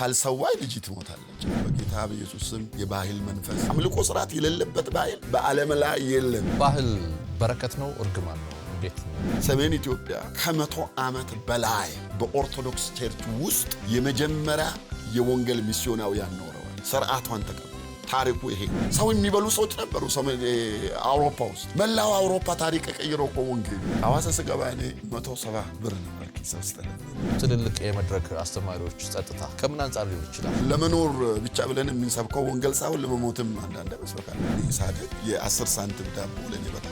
ካልሰዋይ ልጅ ትሞታለች። በጌታ በኢየሱስ ስም የባህል መንፈስ አምልኮ ስርዓት የሌለበት ባህል በዓለም ላይ የለም። ባህል በረከት ነው፣ እርግማን ነው። ሰሜን ኢትዮጵያ ከመቶ ዓመት በላይ በኦርቶዶክስ ቸርች ውስጥ የመጀመሪያ የወንጌል ሚስዮናውያን ኖረዋል። ስርዓቷን ተቀ ታሪኩ ይሄ ሰው የሚበሉ ሰዎች ነበሩ። አውሮፓ ውስጥ መላው አውሮፓ ታሪክ ቀይሮ እኮ ወንጌል ሐዋሳ ስገባ እኔ መቶ ሰባ ብር ነበር ኪሴ ትልልቅ የመድረክ አስተማሪዎች ጸጥታ ከምን አንጻር ሊሆን ይችላል? ለመኖር ብቻ ብለን የምንሰብከው ወንጌል ሳይሆን ለመሞትም አንዳንድ መስበካል። ሳደ የአስር ሳንቲም ዳቦ ለኔ በጣም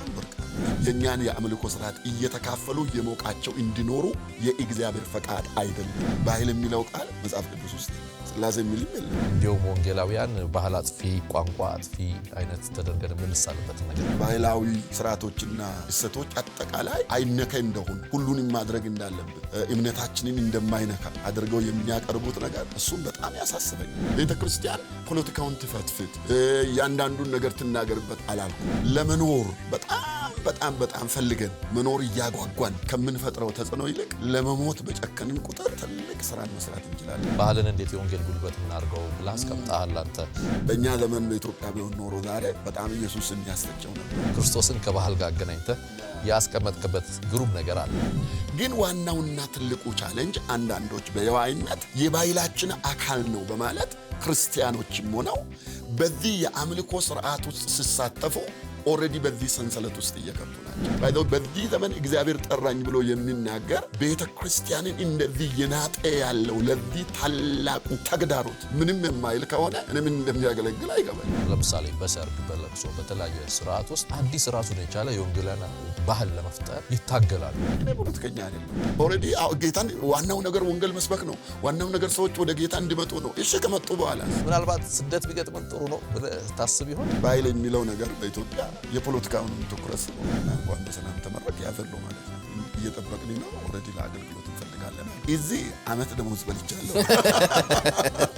የእኛን የአምልኮ ስርዓት እየተካፈሉ የሞቃቸው እንዲኖሩ የእግዚአብሔር ፈቃድ አይደለም። ባህል የሚለው ቃል መጽሐፍ ቅዱስ ውስጥ ስላሴ የሚልም የለም። እንዲሁም ወንጌላውያን ባህል አጥፊ፣ ቋንቋ አጥፊ አይነት ተደርገን የምንሳልበት ነገር ባህላዊ ስርዓቶችና እሰቶች አጠቃላይ አይነካ እንደሆን ሁሉንም ማድረግ እንዳለብን እምነታችንን እንደማይነካ አድርገው የሚያቀርቡት ነገር እሱም በጣም ያሳስበኛል። ቤተ ክርስቲያን ፖለቲካውን ትፈትፍት፣ እያንዳንዱን ነገር ትናገርበት አላልኩም። ለመኖር በጣም በጣም በጣም በጣም ፈልገን መኖር እያጓጓን ከምንፈጥረው ተጽዕኖ ይልቅ ለመሞት በጨከንን ቁጥር ትልቅ ስራን መስራት እንችላለን። ባህልን እንዴት የወንጌል ጉልበት እናድርገው ብለህ አስቀምጠሃል አንተ። በእኛ ዘመን በኢትዮጵያ ቢሆን ኖሮ ዛሬ በጣም ኢየሱስ የሚያስጠጨው ነበር። ክርስቶስን ከባህል ጋር አገናኝተህ ያስቀመጥክበት ግሩም ነገር አለ። ግን ዋናውና ትልቁ ቻለንጅ አንዳንዶች በየዋይነት የባህላችን አካል ነው በማለት ክርስቲያኖችም ሆነው በዚህ የአምልኮ ስርዓት ውስጥ ሲሳተፉ ኦልሬዲ በዚህ ሰንሰለት ውስጥ እየገቡ ናቸው። በዚህ ዘመን እግዚአብሔር ጠራኝ ብሎ የሚናገር ቤተ ክርስቲያንን እንደዚህ የናጠ ያለው ለዚህ ታላቁ ተግዳሮት ምንም የማይል ከሆነ እኔ ምን እንደሚያገለግል አይገባል። ለምሳሌ በሰርግ፣ በለቅሶ፣ በተለያየ ስርዓት ውስጥ አዲስ ራሱን የቻለ የወንጌላና ባህል ለመፍጠር ይታገላሉ። እኔ ፖለቲከኛ አይደለም። ኦልሬዲ ጌታን ዋናው ነገር ወንጌል መስበክ ነው። ዋናው ነገር ሰዎች ወደ ጌታ እንዲመጡ ነው። እሺ ከመጡ በኋላ ምናልባት ስደት ቢገጥመን ጥሩ ነው ታስብ ይሆን ባይል የሚለው ነገር በኢትዮጵያ የፖለቲካውን ትኩረት ስለሆነ እንኳን በሰላም ተመረቅ ያዘሎ ማለት ነው እየጠበቅን ነው። ኦልሬዲ ለአገልግሎት እንፈልጋለን። እዚህ አመት ደሞዝ በልቻለሁ።